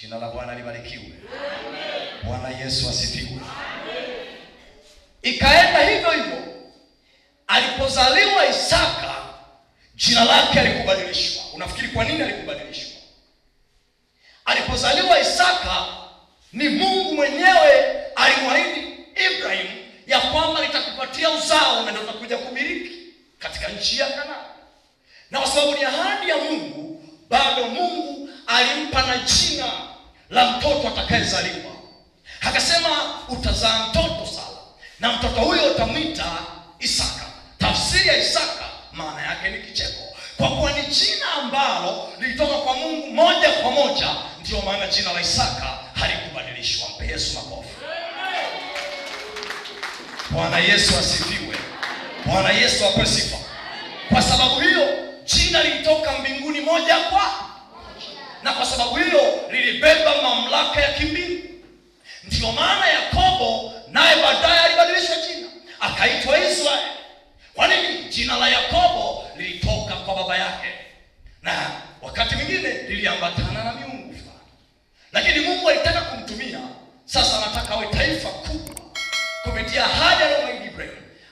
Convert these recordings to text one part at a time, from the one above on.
Jina la Bwana libarikiwe. Amen. Bwana Yesu asifiwe. Amen. Ikaenda hivyo hivyo, alipozaliwa Isaka jina lake alikubadilishwa. Unafikiri kwa nini alikubadilishwa? Alipozaliwa Isaka ni Mungu mwenyewe la mtoto atakayezaliwa. Akasema utazaa mtoto Sara, na mtoto huyo utamwita Isaka. Tafsiri ya Isaka maana yake ni kicheko, kwa kuwa ni jina ambalo lilitoka kwa Mungu moja kwa moja. Ndiyo maana jina la Isaka halikubadilishwa. Mpe Yesu makofi. Bwana Yesu asifiwe. Bwana Yesu apewe sifa. Kwa sababu hiyo jina lilitoka mbinguni moja kwa na kwa sababu hiyo lilibeba mamlaka ya kimbingu. Ndiyo maana Yakobo naye baadaye alibadilisha jina akaitwa Israeli. Kwa nini? Jina la Yakobo lilitoka kwa baba yake, na wakati mwingine liliambatana na miungu fulani, lakini Mungu alitaka kumtumia. Sasa anataka awe taifa kubwa kupitia haja aliyomwahidi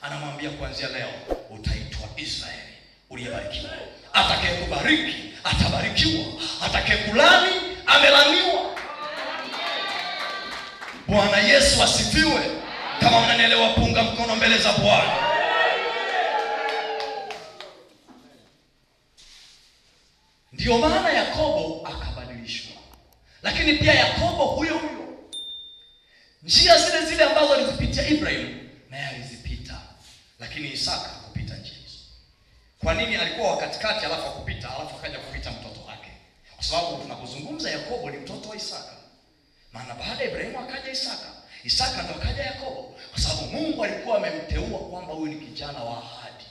Anamwambia kuanzia leo utaitwa Israeli uliyebarikiwa atakayekubariki atabarikiwa, atakayekulani amelaniwa. Bwana Yesu asifiwe. Kama unanielewa, punga mkono mbele za Bwana. Ndiyo maana Yakobo akabadilishwa, lakini pia Yakobo huyo huyo, njia zile zile ambazo alizipitia Ibrahimu naye alizipita, lakini Isaka kwa nini alikuwa wa katikati alafu akupita alafu akaja kupita mtoto wake? Kwa sababu tunapozungumza Yakobo ni mtoto wa Isaka, maana baada ya Ibrahimu akaja Isaka, Isaka ndo akaja Yakobo, kwa sababu Mungu alikuwa amemteua kwamba huyu ni kijana wa ahadi.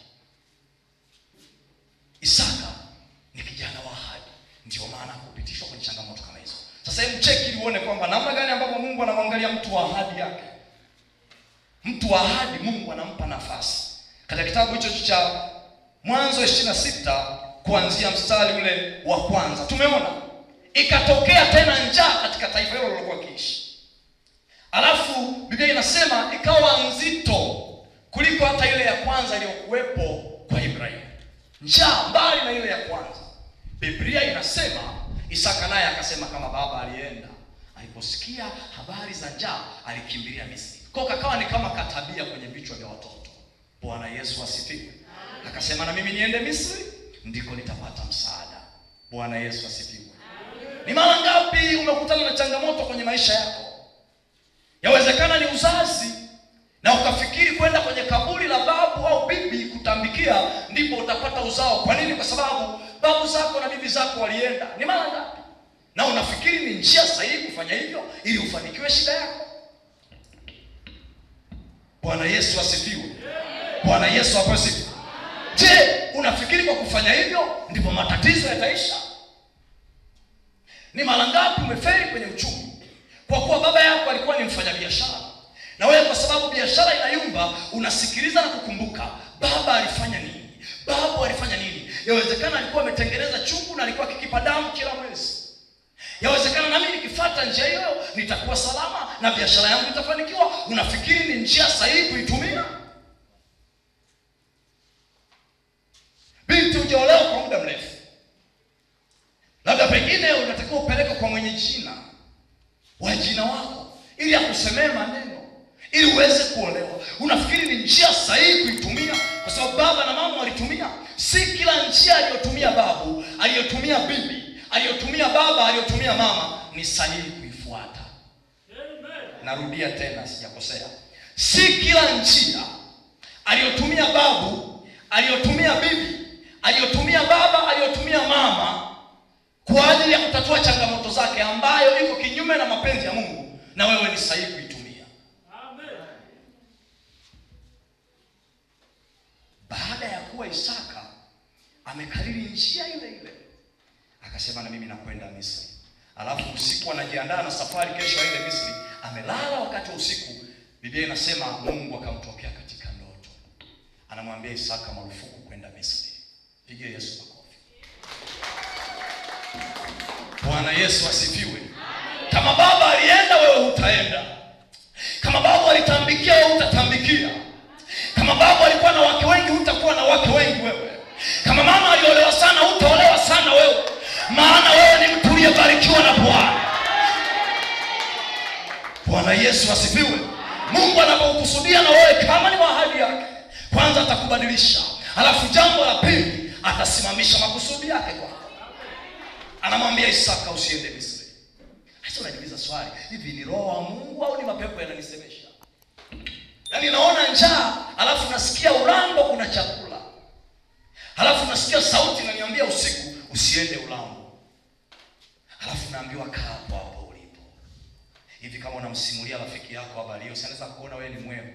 Isaka ni kijana wa ahadi, ndio maana kupitishwa kwenye changamoto kama hizo. Sasa hebu cheki uone kwamba namna gani ambapo Mungu anamwangalia mtu wa ahadi yake. Mtu wa ahadi Mungu anampa nafasi katika kitabu hicho cha Mwanzo sita kuanzia mstari ule wa kwanza tumeona ikatokea tena njaa katika taifa hilo lilokuwa kiishi. Alafu Biblia inasema ikawa nzito kuliko hata ile ya kwanza iliyokuwepo kwa Ibrahimu, njaa mbali na ile ya kwanza. Biblia inasema Isaka naye akasema kama baba, alienda aliposikia habari za njaa alikimbilia Misri. Kwa kakawa ni kama katabia kwenye vichwa vya watoto. Bwana Yesu asifiwe akasema na mimi niende Misri, ndiko nitapata msaada. Bwana Yesu asifiwe. Ni mara ngapi umekutana na changamoto kwenye maisha yako? Yawezekana ni uzazi, na ukafikiri kwenda kwenye kaburi la babu au bibi kutambikia ndipo utapata uzao. Kwa nini? Kwa sababu babu zako na bibi zako walienda. Ni mara ngapi? Na unafikiri ni njia sahihi kufanya hivyo ili ufanikiwe shida yako. Bwana Yesu asifiwe. Bwana Yesu apewe sifa. Je, unafikiri kwa kufanya hivyo ndipo matatizo yataisha? Ni mara ngapi umefeli kwenye uchumi kwa kuwa baba yako alikuwa ni mfanyabiashara, na wewe kwa sababu biashara inayumba, unasikiliza na kukumbuka baba alifanya nini, baba alifanya nini. Yawezekana alikuwa ametengeneza chungu na alikuwa akikipa damu kila mwezi. Yawezekana nami nikifata njia hiyo nitakuwa salama na biashara yangu itafanikiwa. Unafikiri ni njia sahihi kuitumia? usemee maneno ili uweze kuolewa. Unafikiri ni njia sahihi kuitumia? Kwa sababu baba na mama walitumia. Si kila njia aliyotumia babu, aliyotumia bibi, aliyotumia baba, aliyotumia mama ni sahihi kuifuata. Narudia tena, sijakosea. Si kila njia aliyotumia babu, aliyotumia bibi, aliyotumia baba, aliyotumia mama kwa ajili ya kutatua changamoto zake, ambayo iko kinyume na mapenzi ya Mungu na wewe ni sahihi kuitumia. Baada ya kuwa Isaka amekariri njia ile ile, akasema na mimi nakwenda Misri. Alafu usiku anajiandaa na safari kesho aende Misri, amelala wakati wa usiku. Biblia inasema Mungu akamtokea katika ndoto, anamwambia Isaka, marufuku kwenda Misri. Pigie Yesu makofi. Bwana Yesu asifiwe. Kama baba alienda, wewe utaenda Kama baba alitambikia, wewe utatambikia Kama baba alikuwa na wake wengi, utakuwa na wake wengi wewe. Kama mama aliolewa sana, utaolewa sana wewe, maana wewe ni mtu uliyebarikiwa na Bwana. Bwana Yesu asifiwe. Mungu anapokusudia na wewe, kama ni ahadi yake, kwanza atakubadilisha, alafu jambo la pili atasimamisha makusudi yake kwako. Anamwambia Isaka, usiende Misri. Kisha unajiuliza swali, hivi ni roho wa Mungu au ni mapepo yananisemesha? Yaani naona njaa, alafu nasikia ulango kuna chakula. Alafu nasikia sauti inaniambia usiku usiende ulango. Alafu naambiwa kaa hapo hapo ulipo. Hivi kama unamsimulia rafiki yako habari hiyo, sianaweza kuona wewe ni mwema.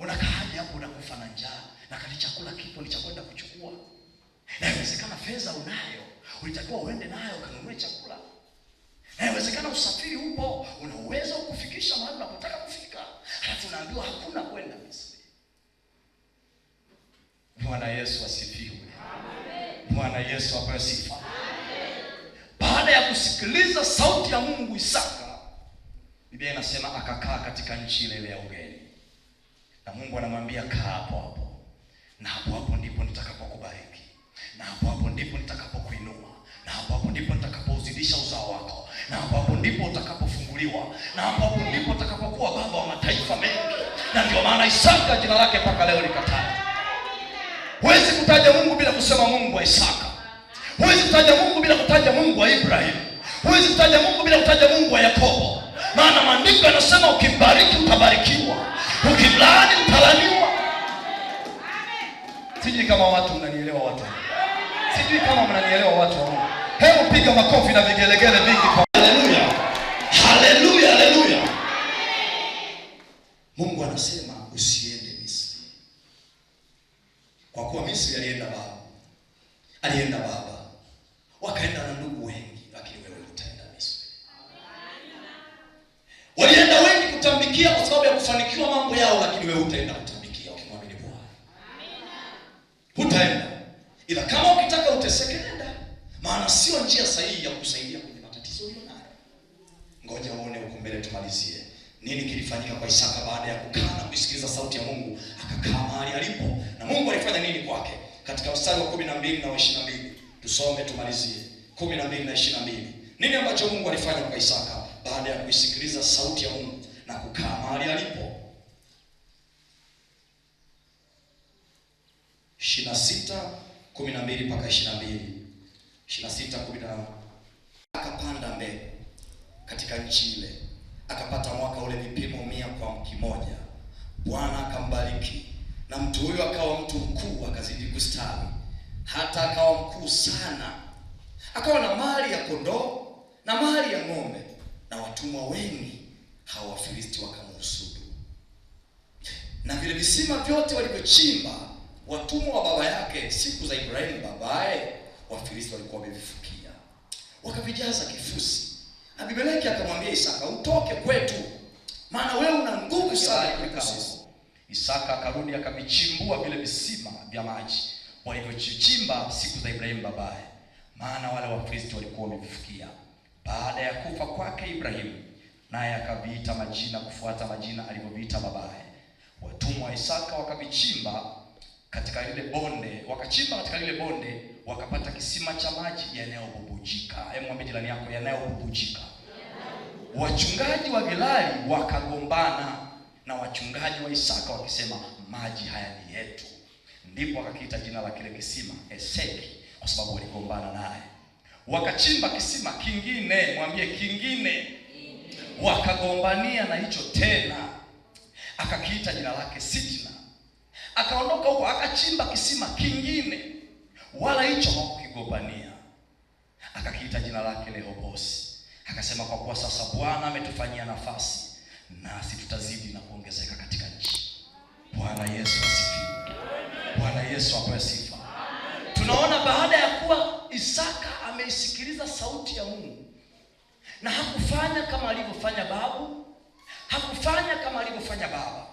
Unakaa hapo unakufa na njaa? Na kali chakula kipo ni chakwenda kuchukua. Na inawezekana fedha unayo, ulitakiwa uende nayo kanunue chakula. Eh, inawezekana usafiri upo, una uwezo kufikisha mahali unapotaka kufika, halafu unaambiwa hakuna kwenda Misri. Bwana Yesu asifiwe. Bwana Yesu apewe sifa. Baada ya kusikiliza sauti ya Mungu, Isaka, Biblia inasema akakaa katika nchi ile ile ya ugeni, na Mungu anamwambia kaa hapo hapo, na hapo hapo ndipo nitakapokubariki, na hapo hapo ndipo nitakapokuinua, na hapo hapo ndipo nitakapouzidisha uzao wako na ambapo ndipo utakapofunguliwa, na ambapo ndipo utakapokuwa baba wa mataifa mengi. Na ndio maana Isaka jina lake mpaka leo likatajwa. Huwezi kutaja Mungu bila kusema Mungu wa Isaka, huwezi kutaja Mungu bila kutaja Mungu wa Ibrahim. huwezi kutaja Mungu bila kutaja Mungu wa Yakobo, maana maandiko yanasema ukimbariki utabarikiwa, ukimlaani utalaniwa. Sijui kama watu mnanielewa, watu sijui kama mnanielewa, watu wa Mungu. Hebu piga makofi na vigelegele vingi kwa anasema usiende Misri, kwa kuwa Misri alienda baba, alienda baba, wakaenda na ndugu wengi, lakini wewe utaenda Misri. Walienda wengi kutambikia kwa sababu ya kufanikiwa mambo yao, lakini wewe utaenda kutambikia ukimwamini Bwana. Amina. Utaenda. ila kama ukitaka uteseke, nenda, maana sio njia sahihi ya kusaidia kwenye matatizo ulionayo. Ngoja uone huko mbele, tumalizie nini kilifanyika kwa Isaka baada ya kukaa na kusikiliza sauti ya Mungu, akakaa mahali alipo, na Mungu alifanya nini kwake? Katika mstari wa 12 na 22 tusome tumalizie 12 na 22. Nini ambacho Mungu alifanya kwa Isaka baada ya kusikiliza sauti ya Mungu na kukaa mahali alipo? 26 12 mpaka 22. 26 10 akapanda mbegu katika nchi ile akapata mwaka ule vipimo mia kwa kimoja. Bwana akambariki na mtu huyo akawa mtu mkuu, akazidi kustawi, hata akawa mkuu sana, akawa na mali ya kondoo na mali ya ng'ombe, na watumwa wengi hawa Wafilisti wakamhusudu. Na vile visima vyote walivyochimba watumwa wa baba yake siku za Ibrahimu babaye, Wafilisti walikuwa wamevifukia, wakavijaza kifusi Abimeleki akamwambia Isaka, utoke kwetu, maana wewe una nguvu sana kuliko sisi. Isaka akarudi akavichimbua vile visima vya maji walivyochimba siku za Ibrahimu babaye, maana wale Wafilisti walikuwa wamevifikia. Baada ya kufa kwake Ibrahimu, naye akaviita majina kufuata majina alivyoviita babaye. Watumwa wa Isaka wakavichimba katika lile bonde, wakachimba katika lile bonde, wakapata kisima cha maji yanayobubujika. Hebu mwambie jirani yako, yanayobubujika wachungaji wa Gerari wakagombana na wachungaji wa Isaka wakisema maji haya ni yetu. Ndipo akakiita jina la kile kisima Eseki kwa sababu waligombana naye. Wakachimba kisima kingine, mwambie kingine, wakagombania na hicho tena, akakiita jina lake Sitna. Akaondoka huko akachimba kisima kingine, wala hicho hawakukigombania, akakiita jina lake Lehobosi. Akasema kwa kuwa sasa Bwana ametufanyia nafasi, nasi tutazidi na kuongezeka katika nchi. Bwana Yesu asifiwe. Bwana Yesu apewe sifa. Tunaona baada ya kuwa Isaka ameisikiliza sauti ya Mungu na hakufanya kama alivyofanya babu, hakufanya kama alivyofanya baba